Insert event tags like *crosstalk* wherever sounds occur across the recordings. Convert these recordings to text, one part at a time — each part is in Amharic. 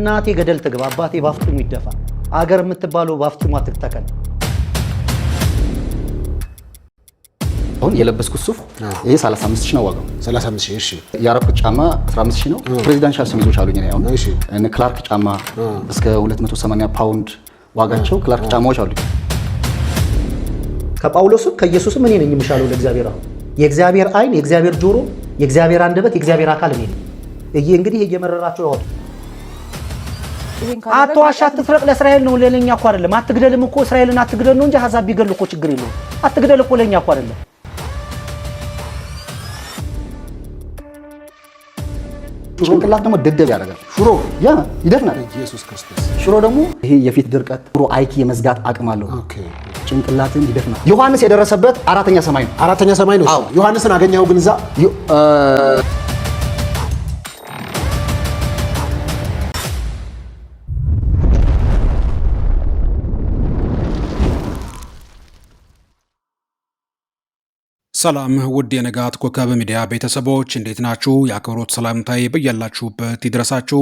እናቴ ገደል ትግባ፣ አባቴ ባፍጥሙ ይደፋ፣ አገር የምትባለው ባፍጥሙ አትተከል። አሁን የለበስኩት ሱፍ ይህ 35 ሺህ ነው ዋጋው። 35 ሺህ እሺ። ያረኩት ጫማ 15 ሺህ ነው። ፕሬዚዳንሻል ሸሚዞች አሉኝ ነው ያው። ክላርክ ጫማ እስከ 280 ፓውንድ ዋጋቸው ክላርክ ጫማዎች አሉኝ። ከጳውሎስም ከኢየሱስም እኔ ነኝ የምሻለው ለእግዚአብሔር። አሁን የእግዚአብሔር አይን፣ የእግዚአብሔር ጆሮ፣ የእግዚአብሔር አንደበት፣ የእግዚአብሔር አካል እኔ ነኝ። እንግዲህ እየመረራቸው ያወጡ አትዋሽ፣ አትስረቅ ለእስራኤል ነው ለኛ እኮ አይደለም። አትግደልም እኮ እስራኤልን አትግደል ነው እንጂ ሀሳብ ቢገል እኮ ችግር የለውም። አትግደል እኮ ለኛ እኮ አይደለም። ጭንቅላት ደግሞ ደደብ ያደርጋል። ሽሮ ያ ይደፍናል። ኢየሱስ ክርስቶስ ሽሮ ደግሞ ይሄ የፊት ድርቀት ሽሮ አይኪ የመዝጋት አቅም አለው። ጭንቅላትን ይደፍናል። ዮሐንስ የደረሰበት አራተኛ ሰማይ ነው። አራተኛ ሰማይ ነው። ዮሐንስን አገኘኸው ግን እዛ ሰላም ውድ የንጋት ኮከብ ሚዲያ ቤተሰቦች እንዴት ናችሁ? የአክብሮት ሰላምታዬ በያላችሁበት ይድረሳችሁ።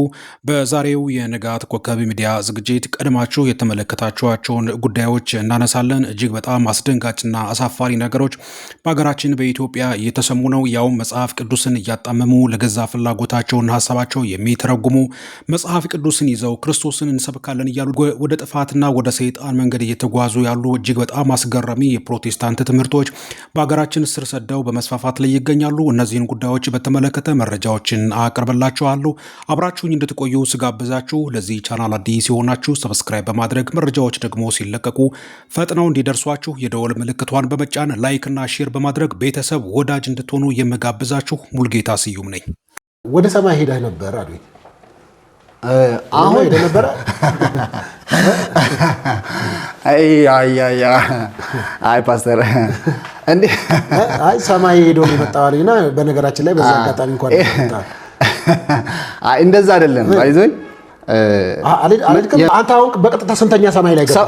በዛሬው የንጋት ኮከብ ሚዲያ ዝግጅት ቀድማችሁ የተመለከታችኋቸውን ጉዳዮች እናነሳለን። እጅግ በጣም አስደንጋጭና አሳፋሪ ነገሮች በሀገራችን በኢትዮጵያ እየተሰሙ ነው። ያውም መጽሐፍ ቅዱስን እያጣመሙ ለገዛ ፍላጎታቸውና ሀሳባቸው የሚተረጉሙ መጽሐፍ ቅዱስን ይዘው ክርስቶስን እንሰብካለን እያሉ ወደ ጥፋትና ወደ ሰይጣን መንገድ እየተጓዙ ያሉ እጅግ በጣም አስገራሚ የፕሮቴስታንት ትምህርቶች በሀገራችን ስር ሰደው በመስፋፋት ላይ ይገኛሉ። እነዚህን ጉዳዮች በተመለከተ መረጃዎችን አቀርብላችኋለሁ። አብራችሁኝ እንድትቆዩ ስጋብዛችሁ ለዚህ ቻናል አዲስ የሆናችሁ ሰብስክራይብ በማድረግ መረጃዎች ደግሞ ሲለቀቁ ፈጥነው እንዲደርሷችሁ የደወል ምልክቷን በመጫን ላይክና ሼር በማድረግ ቤተሰብ ወዳጅ እንድትሆኑ የምጋብዛችሁ ሙልጌታ ስዩም ነኝ። ወደ ሰማይ ሄደህ ነበር አሉኝ። አሁን እንደነበረ *laughs* አይ ፓስተር *laughs* እንዴ አይ ሰማይ ሄዶ ነው ይመጣዋል እና በነገራችን ላይ በዛ አጋጣሚ እንኳን *laughs* አይ እንደዛ አይደለም። አይዞኝ አንተ አሁን በቀጥታ ስንተኛ ሰማይ ላይ ገባ?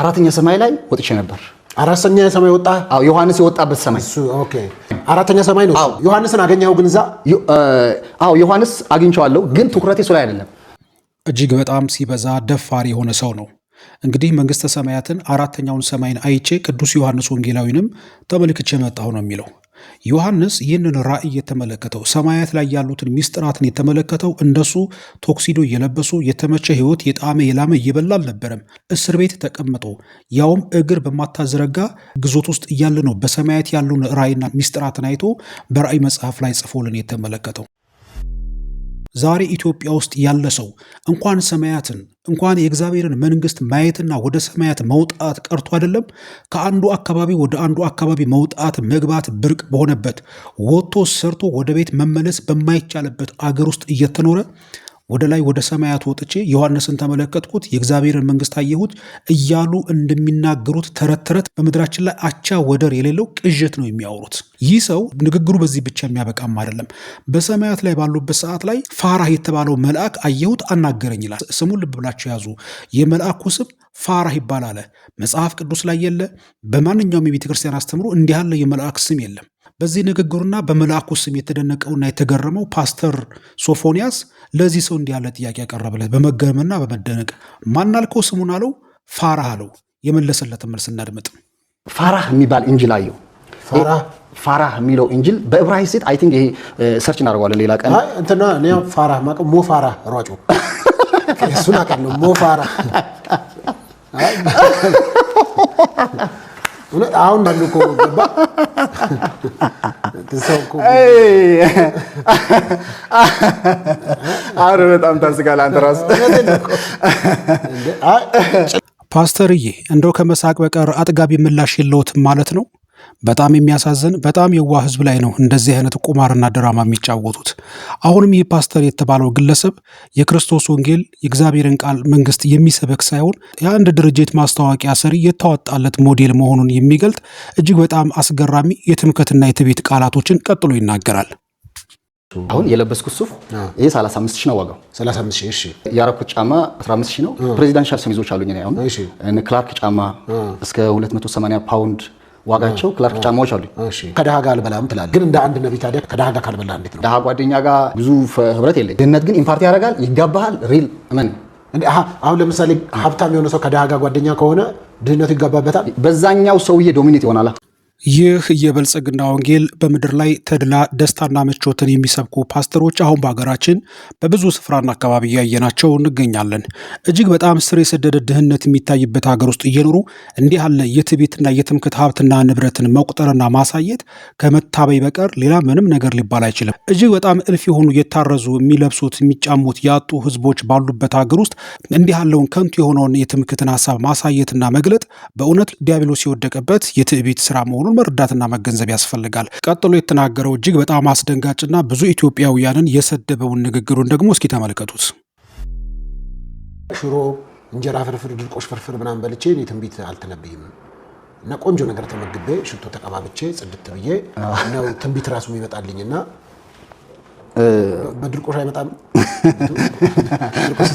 አራተኛ ሰማይ ላይ ወጥቼ ነበር። አራተኛ ሰማይ ወጣ? አዎ፣ ዮሐንስ የወጣበት ሰማይ እሱ። ኦኬ፣ አራተኛ ሰማይ ነው። ዮሐንስን አገኘኸው? ግን እዛ አዎ፣ ዮሐንስ አግኝቼዋለሁ፣ ግን ትኩረቴ እሱ ላይ አይደለም። እጅግ በጣም ሲበዛ ደፋር የሆነ ሰው ነው። እንግዲህ መንግሥተ ሰማያትን አራተኛውን ሰማይን አይቼ ቅዱስ ዮሐንስ ወንጌላዊንም ተመልክቼ መጣሁ ነው የሚለው ዮሐንስ ይህንን ራእይ የተመለከተው ሰማያት ላይ ያሉትን ሚስጥራትን የተመለከተው እንደሱ ቶክሲዶ እየለበሱ የተመቸ ሕይወት የጣመ የላመ እየበላ አልነበረም። እስር ቤት ተቀምጦ ያውም እግር በማታዝረጋ ግዞት ውስጥ እያለ ነው በሰማያት ያሉን ራእይና ሚስጥራትን አይቶ በራእይ መጽሐፍ ላይ ጽፎልን የተመለከተው። ዛሬ ኢትዮጵያ ውስጥ ያለ ሰው እንኳን ሰማያትን እንኳን የእግዚአብሔርን መንግስት ማየትና ወደ ሰማያት መውጣት ቀርቶ አይደለም ከአንዱ አካባቢ ወደ አንዱ አካባቢ መውጣት መግባት ብርቅ በሆነበት ወጥቶ ሰርቶ ወደ ቤት መመለስ በማይቻልበት አገር ውስጥ እየተኖረ ወደ ላይ ወደ ሰማያት ወጥቼ ዮሐንስን ተመለከትኩት፣ የእግዚአብሔርን መንግስት አየሁት እያሉ እንደሚናገሩት ተረት ተረት በምድራችን ላይ አቻ ወደር የሌለው ቅዠት ነው የሚያወሩት። ይህ ሰው ንግግሩ በዚህ ብቻ የሚያበቃም አይደለም። በሰማያት ላይ ባሉበት ሰዓት ላይ ፋራህ የተባለው መልአክ አየሁት፣ አናገረኝ ይላል። ስሙን ልብ ብላቸው ያዙ። የመልአኩ ስም ፋራህ ይባላል። መጽሐፍ ቅዱስ ላይ የለ። በማንኛውም የቤተክርስቲያን አስተምሮ እንዲህ ያለ የመልአክ ስም የለም። በዚህ ንግግሩና በመልአኩ ስም የተደነቀውና የተገረመው ፓስተር ሶፎንያስ ለዚህ ሰው እንዲህ ያለ ጥያቄ ያቀረበለት በመገረምና በመደነቅ ማናልከው ስሙን አለው? ፋራህ አለው። የመለሰለትን መልስ እናድምጥ። ፋራህ የሚባል እንጅል አየው። ፋራህ የሚለው እንጅል ሴት አይ ቲንክ ይሄ ሰርች እናደርገዋለን ሌላ ቀን እንትና ፋራህ ሞ ፋራህ ሯጮ እሱን *laughs* አሁን እንዳሉ እኮ ገባ በጣም ታስቃለህ አንተ ፓስተርዬ እንደው ከመሳቅ በቀር አጥጋቢ ምላሽ የለውትም ማለት ነው? በጣም የሚያሳዝን በጣም የዋ ህዝብ ላይ ነው እንደዚህ አይነት ቁማርና ድራማ የሚጫወቱት። አሁንም ይህ ፓስተር የተባለው ግለሰብ የክርስቶስ ወንጌል የእግዚአብሔርን ቃል መንግስት የሚሰበክ ሳይሆን የአንድ ድርጅት ማስታወቂያ ሰሪ የተዋጣለት ሞዴል መሆኑን የሚገልጥ እጅግ በጣም አስገራሚ የትምከትና የትቤት ቃላቶችን ቀጥሎ ይናገራል። አሁን የለበስኩት ሱፍ ይህ 35 ሺህ ነው ዋጋው። 35 ሺህ እሺ። ያረኩት ጫማ 15 ሺህ ነው። ፕሬዚዳንሻል ሸሚዞች አሉኝ። አሁን ክላርክ ጫማ እስከ 280 ፓውንድ ዋጋቸው ክላርክ ጫማዎች አሉ። ከድሃ ጋር አልበላም ትላለህ፣ ግን እንደ አንድ ነቢይ ታዲያ ከድሃ ጋር ካልበላ እንዴት ነው? ድሃ ጓደኛ ጋር ብዙ ህብረት የለኝ። ድህነት ግን ኢምፓርቲ ያደርጋል፣ ይጋባሃል። ሪል መን አሁን ለምሳሌ ሀብታም የሆነ ሰው ከድሃ ጋር ጓደኛ ከሆነ ድህነቱ ይጋባበታል። በዛኛው ሰውዬ ዶሚኔት ይሆናል። ይህ የብልጽግና ወንጌል በምድር ላይ ተድላ ደስታና ምቾትን የሚሰብኩ ፓስተሮች አሁን በሀገራችን በብዙ ስፍራና አካባቢ እያየናቸው እንገኛለን። እጅግ በጣም ስር የሰደደ ድህነት የሚታይበት ሀገር ውስጥ እየኖሩ እንዲህ ያለ የትዕቢትና የትምክት ሀብትና ንብረትን መቁጠርና ማሳየት ከመታበይ በቀር ሌላ ምንም ነገር ሊባል አይችልም። እጅግ በጣም እልፍ የሆኑ የታረዙ የሚለብሱት የሚጫሙት ያጡ ህዝቦች ባሉበት ሀገር ውስጥ እንዲህ ያለውን ከንቱ የሆነውን የትምክትን ሀሳብ ማሳየትና መግለጥ በእውነት ዲያብሎስ የወደቀበት የትዕቢት ስራ መሆኑ መሆኑን መረዳትና መገንዘብ ያስፈልጋል። ቀጥሎ የተናገረው እጅግ በጣም አስደንጋጭና ብዙ ኢትዮጵያውያንን የሰደበውን ንግግሩን ደግሞ እስኪ ተመልከቱት። ሽሮ እንጀራ ፍርፍር፣ ድርቆሽ ፍርፍር ምናምን በልቼ እኔ ትንቢት አልተነብይም እና ቆንጆ ነገር ተመግቤ ሽቶ ተቀባብቼ ጽድት ብዬ ነው ትንቢት ራሱ ይመጣልኝና በድርቆሽ አይመጣም። ድርቆሽ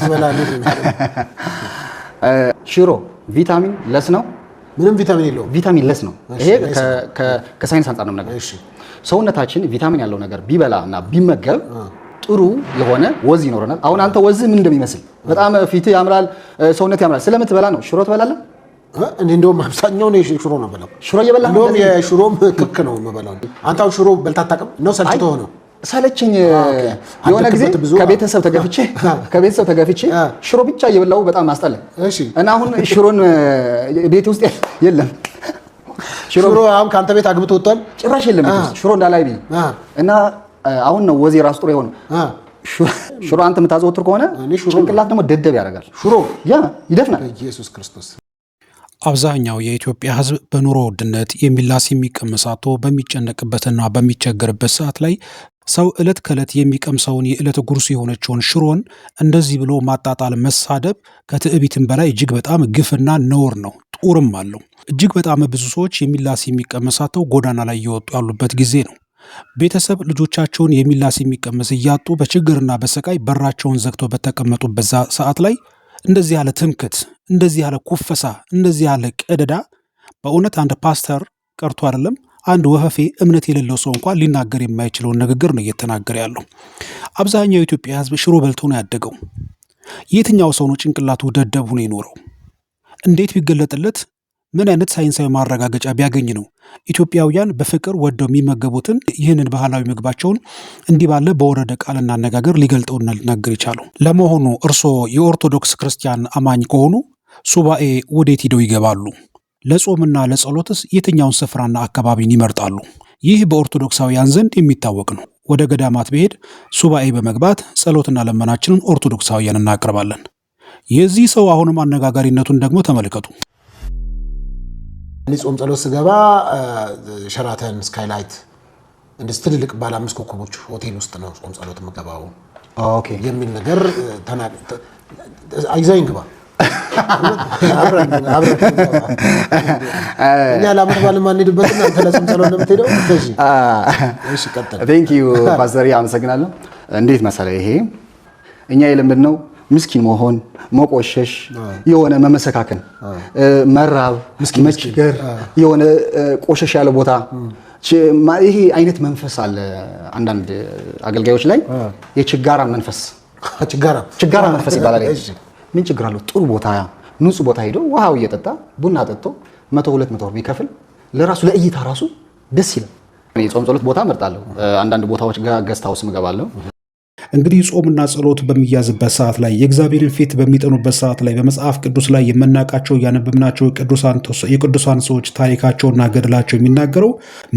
ሽሮ ቪታሚን ለስ ነው። ምንም ቪታሚን የለውም። ቪታሚን ለስ ነው። ይሄ ከሳይንስ አንጻር ነው ነገር ሰውነታችን ቪታሚን ያለው ነገር ቢበላ እና ቢመገብ ጥሩ የሆነ ወዝ ይኖረናል። አሁን አንተ ወዝ ምን እንደሚመስል በጣም ፊት ያምራል፣ ሰውነት ያምራል። ስለምትበላ ነው። ሽሮ ትበላለህ? እንደውም አብዛኛውን ሽሮ ነው በላው። ሽሮ እየበላህ ነው። እንደውም የሽሮም ክክ ነው የምበላው። አንተ ሽሮ በልተህ አታውቅም ነው ሰልችቶ ሆነው ሰለቸኝ የሆነ ጊዜ ከቤተሰብ ተገፍቼ ከቤተሰብ ተገፍቼ ሽሮ ብቻ እየበላሁ በጣም አስጠላኝ እና አሁን ሽሮን ቤት ውስጥ የለም። ሽሮ አሁን ከአንተ ቤት አግብቶ ወጥቷል፣ ጭራሽ የለም ሽሮ እንዳላይ ብዬ እና አሁን ነው ወዜ ራስ ጥሩ የሆነ ሽሮ አንተ የምታዘወትር ከሆነ ጭንቅላት ደግሞ ደደብ ያደርጋል። ሽሮ ያ ይደፍናል። ኢየሱስ ክርስቶስ አብዛኛው የኢትዮጵያ ሕዝብ በኑሮ ውድነት የሚላስ የሚቀመስ አጥቶ በሚጨነቅበትና በሚቸገርበት ሰዓት ላይ ሰው ዕለት ከዕለት የሚቀምሰውን የዕለት ጉርሱ የሆነችውን ሽሮን እንደዚህ ብሎ ማጣጣል፣ መሳደብ ከትዕቢትም በላይ እጅግ በጣም ግፍና ነውር ነው። ጡርም አለው። እጅግ በጣም ብዙ ሰዎች የሚላስ የሚቀመሳተው ጎዳና ላይ እየወጡ ያሉበት ጊዜ ነው። ቤተሰብ ልጆቻቸውን የሚላስ የሚቀመስ እያጡ በችግርና በሰቃይ በራቸውን ዘግተው በተቀመጡበት ሰዓት ላይ እንደዚህ ያለ ትምክት፣ እንደዚህ ያለ ኩፈሳ፣ እንደዚህ ያለ ቀደዳ በእውነት አንድ ፓስተር ቀርቶ አይደለም አንድ ወፈፌ እምነት የሌለው ሰው እንኳን ሊናገር የማይችለውን ንግግር ነው እየተናገረ ያለው። አብዛኛው የኢትዮጵያ ሕዝብ ሽሮ በልቶ ነው ያደገው። የትኛው ሰው ነው ጭንቅላቱ ደደብ ሆኖ የኖረው? እንዴት ቢገለጥለት፣ ምን አይነት ሳይንሳዊ ማረጋገጫ ቢያገኝ ነው ኢትዮጵያውያን በፍቅር ወደው የሚመገቡትን ይህንን ባህላዊ ምግባቸውን እንዲህ ባለ በወረደ ቃልና አነጋገር ሊገልጠውና ሊናገር ይቻሉ? ለመሆኑ እርስዎ የኦርቶዶክስ ክርስቲያን አማኝ ከሆኑ ሱባኤ ወዴት ሂደው ይገባሉ? ለጾምና ለጸሎትስ የትኛውን ስፍራና አካባቢን ይመርጣሉ? ይህ በኦርቶዶክሳውያን ዘንድ የሚታወቅ ነው። ወደ ገዳማት ብሄድ ሱባኤ በመግባት ጸሎትና ለመናችንን ኦርቶዶክሳውያን እናቀርባለን። የዚህ ሰው አሁንም አነጋጋሪነቱን ደግሞ ተመልከቱ። እኔ ጾም ጸሎት ስገባ ሸራተን ስካይላይት እንደ ትልልቅ ባለ አምስት ኮከቦች ሆቴል ውስጥ ነው ጾም ጸሎት የምገባው የሚል ነገር አይዛ ግባ እኛ ለአመት በዓል ማንሄድበት አንተ ለስም ስለሆነ ቴንክ ዩ ፓስተር፣ አመሰግናለሁ። እንዴት መሰለህ ይሄ እኛ የለመድነው ምስኪን መሆን፣ መቆሸሽ፣ የሆነ መመሰካከን፣ መራብ፣ መቸገር፣ የሆነ ቆሸሽ ያለ ቦታ ይሄ አይነት መንፈስ አለ አንዳንድ አገልጋዮች ላይ የችጋራ መንፈስ ችጋራ መንፈስ ይባላል። ምን ችግር አለው? ጥሩ ቦታ ንጹህ ቦታ ሄዶ ውሃው እየጠጣ ቡና ጠጥቶ መቶ ሁለት መቶ ብር ቢከፍል ለራሱ ለእይታ ራሱ ደስ ይላል። የጾም ጸሎት ቦታ እመርጣለሁ። አንዳንድ ቦታዎች ጋር ገዝት ሀውስ እንግዲህ ጾምና ጸሎት በሚያዝበት ሰዓት ላይ የእግዚአብሔርን ፊት በሚጠኑበት ሰዓት ላይ በመጽሐፍ ቅዱስ ላይ የምናውቃቸው ያነበብናቸው የቅዱሳን ሰዎች ታሪካቸውና ገድላቸው የሚናገረው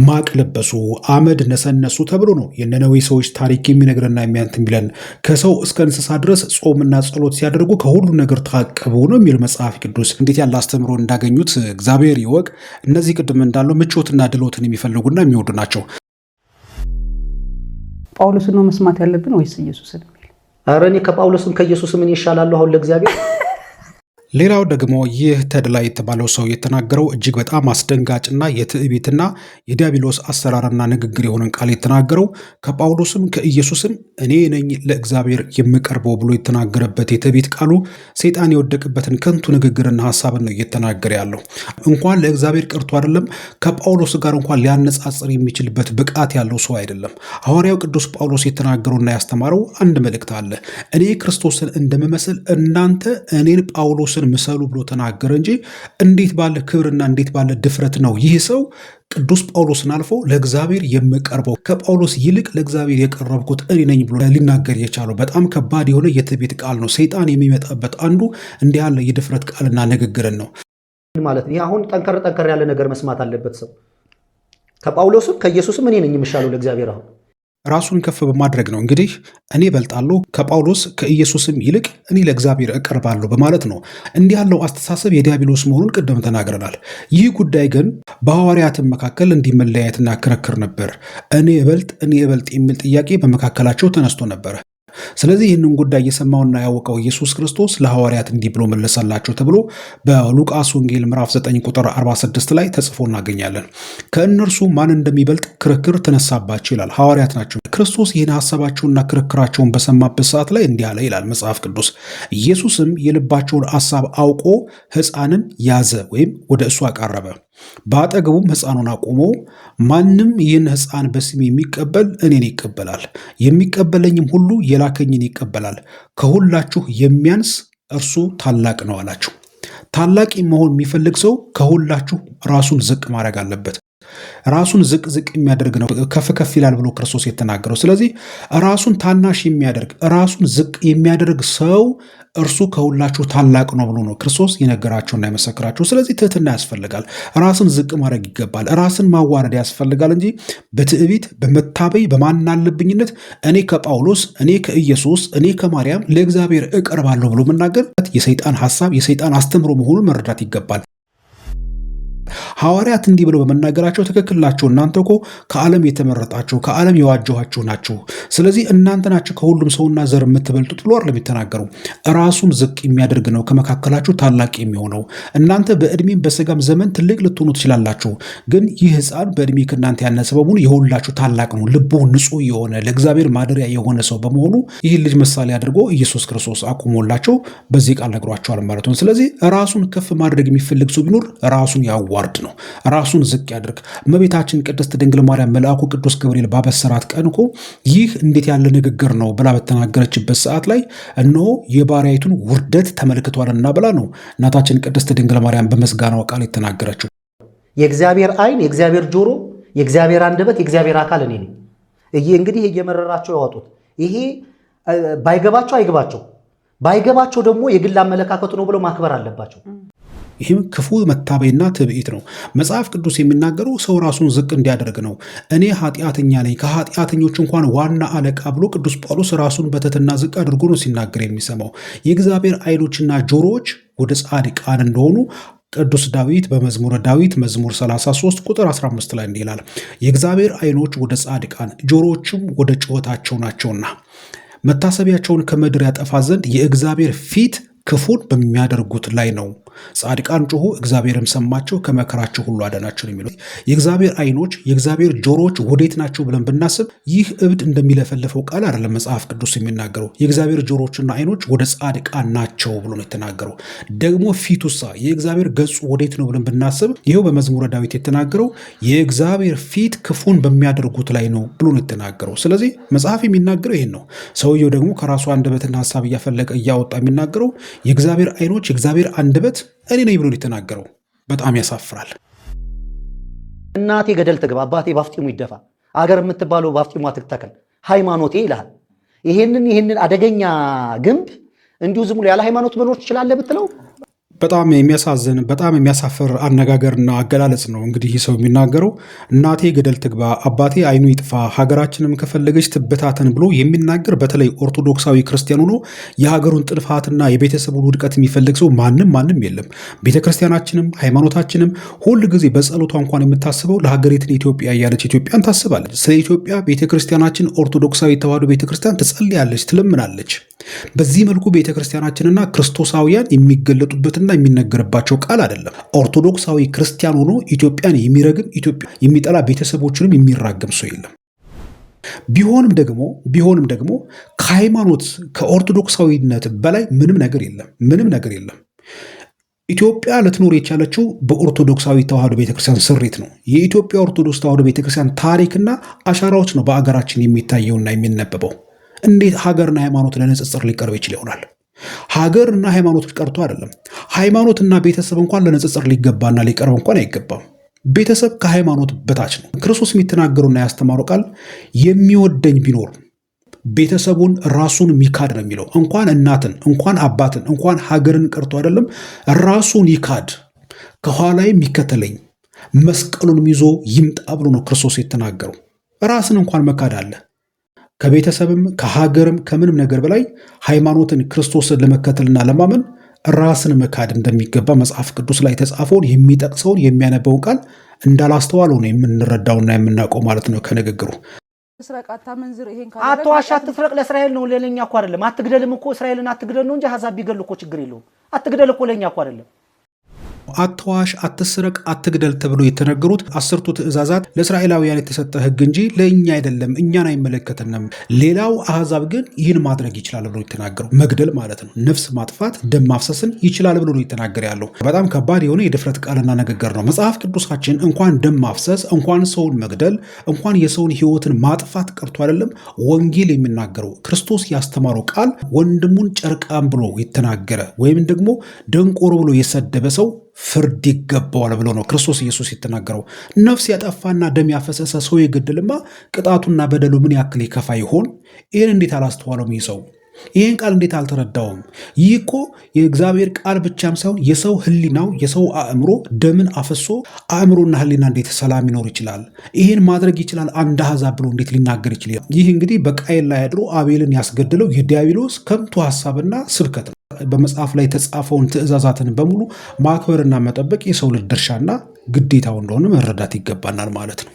ማቅ ለበሱ፣ አመድ ነሰነሱ ተብሎ ነው የነነዌ ሰዎች ታሪክ የሚነግርና የሚያንት የሚለን ከሰው እስከ እንስሳ ድረስ ጾምና ጸሎት ሲያደርጉ ከሁሉ ነገር ታቅቦ ነው የሚል መጽሐፍ ቅዱስ እንዴት ያለ አስተምሮ እንዳገኙት እግዚአብሔር ይወቅ። እነዚህ ቅድም እንዳለው ምቾትና ድሎትን የሚፈልጉና የሚወዱ ናቸው። ጳውሎስን ነው መስማት ያለብን ወይስ ኢየሱስን? ኧረ እኔ ከጳውሎስም ከኢየሱስ ምን ይሻላሉ? አሁን ለእግዚአብሔር *laughs* ሌላው ደግሞ ይህ ተድላ የተባለው ሰው የተናገረው እጅግ በጣም አስደንጋጭና የትዕቢትና የዲያብሎስ አሰራርና ንግግር የሆነን ቃል የተናገረው ከጳውሎስም ከኢየሱስም እኔ ነኝ ለእግዚአብሔር የምቀርበው ብሎ የተናገረበት የትዕቢት ቃሉ ሰይጣን የወደቅበትን ከንቱ ንግግርና ሀሳብን ነው እየተናገረ ያለው። እንኳን ለእግዚአብሔር ቀርቶ አይደለም ከጳውሎስ ጋር እንኳን ሊያነጻጽር የሚችልበት ብቃት ያለው ሰው አይደለም። ሐዋርያው ቅዱስ ጳውሎስ የተናገረውና ያስተማረው አንድ መልእክት አለ። እኔ ክርስቶስን እንደምመስል እናንተ እኔን ጳውሎስን ክርስቶስን ምሰሉ ብሎ ተናገረ እንጂ እንዴት ባለ ክብርና እንዴት ባለ ድፍረት ነው ይህ ሰው ቅዱስ ጳውሎስን አልፎ ለእግዚአብሔር የምቀርበው ከጳውሎስ ይልቅ ለእግዚአብሔር የቀረብኩት እኔ ነኝ ብሎ ሊናገር የቻለው በጣም ከባድ የሆነ የትቤት ቃል ነው። ሰይጣን የሚመጣበት አንዱ እንዲህ ያለ የድፍረት ቃልና ንግግርን ነው ማለት ነው። አሁን ጠንከር ጠንከር ያለ ነገር መስማት አለበት ሰው ከጳውሎስም ከኢየሱስም እኔ ነኝ የምሻለው ለእግዚአብሔር አሁን ራሱን ከፍ በማድረግ ነው። እንግዲህ እኔ እበልጣለሁ ከጳውሎስ ከኢየሱስም ይልቅ እኔ ለእግዚአብሔር እቀርባለሁ በማለት ነው። እንዲህ ያለው አስተሳሰብ የዲያብሎስ መሆኑን ቅድም ተናግረናል። ይህ ጉዳይ ግን በሐዋርያትን መካከል እንዲመለያየትና መለያየትና ክርክር ነበር። እኔ እበልጥ እኔ እበልጥ የሚል ጥያቄ በመካከላቸው ተነስቶ ነበር። ስለዚህ ይህንን ጉዳይ የሰማውና ያወቀው ኢየሱስ ክርስቶስ ለሐዋርያት እንዲህ ብሎ መለሰላቸው ተብሎ በሉቃስ ወንጌል ምዕራፍ 9 ቁጥር 46 ላይ ተጽፎ እናገኛለን። ከእነርሱ ማን እንደሚበልጥ ክርክር ተነሳባቸው ይላል። ሐዋርያት ናቸው። ክርስቶስ ይህን ሐሳባቸውና ክርክራቸውን በሰማበት ሰዓት ላይ እንዲህ አለ ይላል መጽሐፍ ቅዱስ። ኢየሱስም የልባቸውን ሐሳብ አውቆ ሕፃንን ያዘ ወይም ወደ እሱ አቀረበ በአጠገቡም ሕፃኑን አቁሞ ማንም ይህን ሕፃን በስም የሚቀበል እኔን ይቀበላል፣ የሚቀበለኝም ሁሉ የላከኝን ይቀበላል፣ ከሁላችሁ የሚያንስ እርሱ ታላቅ ነው አላቸው። ታላቅ መሆን የሚፈልግ ሰው ከሁላችሁ ራሱን ዝቅ ማድረግ አለበት። ራሱን ዝቅ ዝቅ የሚያደርግ ነው ከፍ ከፍ ይላል ብሎ ክርስቶስ የተናገረው። ስለዚህ ራሱን ታናሽ የሚያደርግ ራሱን ዝቅ የሚያደርግ ሰው እርሱ ከሁላችሁ ታላቅ ነው ብሎ ነው ክርስቶስ የነገራቸውና የመሰክራቸው። ስለዚህ ትህትና ያስፈልጋል። ራስን ዝቅ ማድረግ ይገባል። ራስን ማዋረድ ያስፈልጋል እንጂ በትዕቢት በመታበይ በማናለብኝነት እኔ ከጳውሎስ እኔ ከኢየሱስ እኔ ከማርያም ለእግዚአብሔር እቀርባለሁ ብሎ መናገር የሰይጣን ሀሳብ የሰይጣን አስተምሮ መሆኑን መረዳት ይገባል። ሐዋርያት እንዲህ ብለው በመናገራቸው ትክክል ናቸው። እናንተ እኮ ከዓለም የተመረጣችሁ ከዓለም የዋጀኋችሁ ናችሁ። ስለዚህ እናንተ ናችሁ ከሁሉም ሰውና ዘር የምትበልጡት ብሎ አይደለም የተናገሩ። ራሱን ዝቅ የሚያደርግ ነው ከመካከላችሁ ታላቅ የሚሆነው። እናንተ በእድሜም በስጋም ዘመን ትልቅ ልትሆኑ ትችላላችሁ። ግን ይህ ሕፃን በእድሜ ከእናንተ ያነሰ በሙሉ የሁላችሁ ታላቅ ነው። ልቡ ንጹህ የሆነ ለእግዚአብሔር ማደሪያ የሆነ ሰው በመሆኑ ይህን ልጅ ምሳሌ አድርጎ ኢየሱስ ክርስቶስ አቁሞላቸው በዚህ ቃል ነግሯቸዋል ማለት ነው። ስለዚህ ራሱን ከፍ ማድረግ የሚፈልግ ሰው ቢኖር ራሱን ያዋል። አዋርድ ነው። ራሱን ዝቅ ያድርግ። እመቤታችን ቅድስት ድንግል ማርያም መልአኩ ቅዱስ ገብርኤል ባበሰራት ቀን እኮ ይህ እንዴት ያለ ንግግር ነው ብላ በተናገረችበት ሰዓት ላይ እነሆ የባሪያይቱን ውርደት ተመልክቷልና ብላ ነው እናታችን ቅድስት ድንግል ማርያም በመስጋናው ቃል የተናገረችው። የእግዚአብሔር ዓይን፣ የእግዚአብሔር ጆሮ፣ የእግዚአብሔር አንደበት፣ የእግዚአብሔር አካል እኔ ነኝ። እንግዲህ እየመረራቸው ያወጡት ይሄ ባይገባቸው አይገባቸው ባይገባቸው ደግሞ የግል አመለካከቱ ነው ብለው ማክበር አለባቸው። ይህም ክፉ መታበይና ትዕቢት ነው። መጽሐፍ ቅዱስ የሚናገረው ሰው ራሱን ዝቅ እንዲያደርግ ነው። እኔ ኃጢአተኛ ነኝ፣ ከኃጢአተኞች እንኳን ዋና አለቃ ብሎ ቅዱስ ጳውሎስ ራሱን በተትና ዝቅ አድርጎ ነው ሲናገር የሚሰማው። የእግዚአብሔር ዓይኖችና ጆሮዎች ወደ ጻድቃን እንደሆኑ ቅዱስ ዳዊት በመዝሙረ ዳዊት መዝሙር 33 ቁጥር 15 ላይ እንዲላል የእግዚአብሔር ዓይኖች ወደ ጻድቃን ጆሮዎችም ወደ ጩኸታቸው ናቸውና መታሰቢያቸውን ከምድር ያጠፋ ዘንድ የእግዚአብሔር ፊት ክፉን በሚያደርጉት ላይ ነው። ጻድቃን ጮሁ እግዚአብሔርም ሰማቸው፣ ከመከራቸው ሁሉ አዳናቸው የሚለው። የእግዚአብሔር አይኖች የእግዚአብሔር ጆሮዎች ወዴት ናቸው ብለን ብናስብ ይህ እብድ እንደሚለፈልፈው ቃል አይደለም መጽሐፍ ቅዱስ የሚናገረው። የእግዚአብሔር ጆሮዎችና አይኖች ወደ ጻድቃን ናቸው ብሎ ነው የተናገረው። ደግሞ ፊቱሳ የእግዚአብሔር ገጹ ወዴት ነው ብለን ብናስብ ይኸው በመዝሙረ ዳዊት የተናገረው የእግዚአብሔር ፊት ክፉን በሚያደርጉት ላይ ነው ብሎ ነው የተናገረው። ስለዚህ መጽሐፍ የሚናገረው ይህን ነው። ሰውየው ደግሞ ከራሱ አንደበትና ሀሳብ እያፈለቀ እያወጣ የሚናገረው የእግዚአብሔር አይኖች የእግዚአብሔር አንደበት እኔ ነኝ ብሎ የተናገረው በጣም ያሳፍራል። እናቴ ገደል ትግባ፣ አባቴ ባፍጢሙ ይደፋ፣ አገር የምትባለው ባፍጢሟ ትተከል፣ ሃይማኖቴ ይልሃል። ይህንን ይህንን አደገኛ ግንብ እንዲሁ ዝም ብሎ ያለ ሃይማኖት መኖር ትችላለህ ብትለው በጣም የሚያሳዝን በጣም የሚያሳፍር አነጋገርና አገላለጽ ነው። እንግዲህ ይህ ሰው የሚናገረው እናቴ ገደል ትግባ፣ አባቴ አይኑ ይጥፋ፣ ሀገራችንም ከፈለገች ትበታተን ብሎ የሚናገር በተለይ ኦርቶዶክሳዊ ክርስቲያን ሆኖ የሀገሩን ጥልፋትና የቤተሰቡን ውድቀት የሚፈልግ ሰው ማንም ማንም የለም። ቤተ ክርስቲያናችንም ሃይማኖታችንም ሁል ጊዜ በጸሎቷ እንኳን የምታስበው ለሀገሪትን ኢትዮጵያ እያለች ኢትዮጵያን ታስባለች። ስለ ኢትዮጵያ ቤተ ክርስቲያናችን ኦርቶዶክሳዊ ተዋሕዶ ቤተ ክርስቲያን ትጸልያለች፣ ትለምናለች። በዚህ መልኩ ቤተ ክርስቲያናችንና ክርስቶሳውያን የሚገለጡበትና የሚደረግና የሚነገርባቸው ቃል አይደለም። ኦርቶዶክሳዊ ክርስቲያን ሆኖ ኢትዮጵያን የሚረግም ኢትዮጵያ የሚጠላ ቤተሰቦችንም የሚራግም ሰው የለም። ቢሆንም ደግሞ ቢሆንም ደግሞ ከሃይማኖት ከኦርቶዶክሳዊነት በላይ ምንም ነገር የለም፣ ምንም ነገር የለም። ኢትዮጵያ ልትኖር የቻለችው በኦርቶዶክሳዊ ተዋህዶ ቤተክርስቲያን ስሪት ነው። የኢትዮጵያ ኦርቶዶክስ ተዋሕዶ ቤተክርስቲያን ታሪክና አሻራዎች ነው በአገራችን የሚታየውና የሚነበበው። እንዴት ሀገርና ሃይማኖት ለንጽጽር ሊቀርብ ይችል ይሆናል? ሀገርና ሃይማኖት ቀርቶ አይደለም። ሃይማኖትና ቤተሰብ እንኳን ለንጽጽር ሊገባና ሊቀርብ እንኳን አይገባም። ቤተሰብ ከሃይማኖት በታች ነው። ክርስቶስ የሚተናገሩና ያስተማረው ቃል የሚወደኝ ቢኖር ቤተሰቡን ራሱን ሚካድ ነው የሚለው። እንኳን እናትን እንኳን አባትን እንኳን ሀገርን ቀርቶ አይደለም ራሱን ይካድ ከኋላይም ይከተለኝ መስቀሉንም ይዞ ይምጣ ብሎ ነው ክርስቶስ የተናገረው። ራስን እንኳን መካድ አለ። ከቤተሰብም ከሀገርም ከምንም ነገር በላይ ሃይማኖትን ክርስቶስን ለመከተልና ለማመን ራስን መካድ እንደሚገባ መጽሐፍ ቅዱስ ላይ የተጻፈውን የሚጠቅሰውን የሚያነበውን ቃል እንዳላስተዋለው ነው የምንረዳውና የምናውቀው ማለት ነው። ከንግግሩ አትዋሽ፣ አትስረቅ ለእስራኤል ነው ለኛ እኮ አይደለም። አትግደልም እኮ እስራኤልን አትግደል ነው እንጂ ሀሳብ ቢገል እኮ ችግር የለውም። አትግደል እኮ ለእኛ እኮ አይደለም። አትዋሽ፣ አትስረቅ፣ አትግደል ተብሎ የተነገሩት አስርቱ ትእዛዛት ለእስራኤላውያን የተሰጠ ህግ እንጂ ለእኛ አይደለም፣ እኛን አይመለከትንም። ሌላው አህዛብ ግን ይህን ማድረግ ይችላል ብሎ የተናገረው መግደል ማለት ነው፣ ነፍስ ማጥፋት፣ ደም ማፍሰስን ይችላል ብሎ ነው የተናገረ ያለው። በጣም ከባድ የሆነ የድፍረት ቃልና ንግግር ነው። መጽሐፍ ቅዱሳችን እንኳን ደም ማፍሰስ፣ እንኳን ሰውን መግደል፣ እንኳን የሰውን ህይወትን ማጥፋት ቀርቶ አይደለም ወንጌል የሚናገረው ክርስቶስ ያስተማረው ቃል ወንድሙን ጨርቃም ብሎ የተናገረ ወይም ደግሞ ደንቆሮ ብሎ የሰደበ ሰው ፍርድ ይገባዋል ብሎ ነው ክርስቶስ ኢየሱስ የተናገረው። ነፍስ ያጠፋና ደም ያፈሰሰ ሰው የገደልማ ቅጣቱና በደሉ ምን ያክል ይከፋ ይሆን? ይህን እንዴት አላስተዋለውም? ይህ ሰው ይህን ቃል እንዴት አልተረዳውም? ይህ እኮ የእግዚአብሔር ቃል ብቻም ሳይሆን የሰው ህሊናው የሰው አእምሮ ደምን አፈሶ አእምሮና ህሊና እንዴት ሰላም ይኖር ይችላል? ይህን ማድረግ ይችላል አንድ አሕዛብ ብሎ እንዴት ሊናገር ይችላል? ይህ እንግዲህ በቃየል ላይ አድሮ አቤልን ያስገደለው የዲያብሎስ ከንቱ ሀሳብና ስብከት ነው። በመጽሐፍ ላይ የተጻፈውን ትእዛዛትን በሙሉ ማክበርና መጠበቅ የሰው ልጅ ድርሻና ግዴታው እንደሆነ መረዳት ይገባናል ማለት ነው።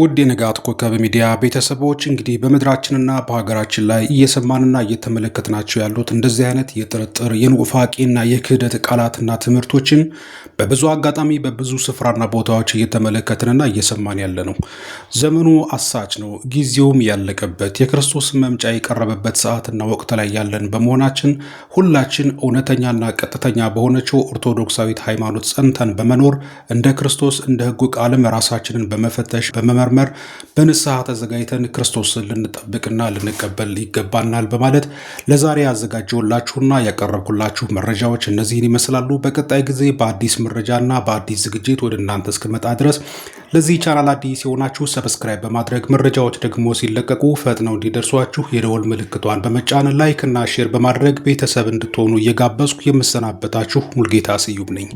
ውድ የንጋት ኮከብ ሚዲያ ቤተሰቦች እንግዲህ በምድራችንና በሀገራችን ላይ እየሰማንና እየተመለከትናቸው ያሉት እንደዚህ አይነት የጥርጥር የኑፋቄና የክህደት ቃላትና ትምህርቶችን በብዙ አጋጣሚ በብዙ ስፍራና ቦታዎች እየተመለከትንና እየሰማን ያለ ነው። ዘመኑ አሳች ነው፣ ጊዜውም ያለቀበት የክርስቶስ መምጫ የቀረበበት ሰዓትና ወቅት ላይ ያለን በመሆናችን ሁላችን እውነተኛና ቀጥተኛ በሆነችው ኦርቶዶክሳዊት ሃይማኖት ጸንተን በመኖር እንደ ክርስቶስ እንደ ሕጉ ቃልም ራሳችንን በመፈተሽ በመመ በመመርመር በንስሐ ተዘጋጅተን ክርስቶስን ልንጠብቅና ልንቀበል ይገባናል በማለት ለዛሬ ያዘጋጀውላችሁና ያቀረብኩላችሁ መረጃዎች እነዚህን ይመስላሉ። በቀጣይ ጊዜ በአዲስ መረጃና በአዲስ ዝግጅት ወደ እናንተ እስክመጣ ድረስ ለዚህ ቻናል አዲስ የሆናችሁ ሰብስክራይብ በማድረግ መረጃዎች ደግሞ ሲለቀቁ ፈጥነው እንዲደርሷችሁ የደወል ምልክቷን በመጫን ላይክ እና ሼር በማድረግ ቤተሰብ እንድትሆኑ እየጋበዝኩ የምሰናበታችሁ ሙልጌታ ስዩም ነኝ።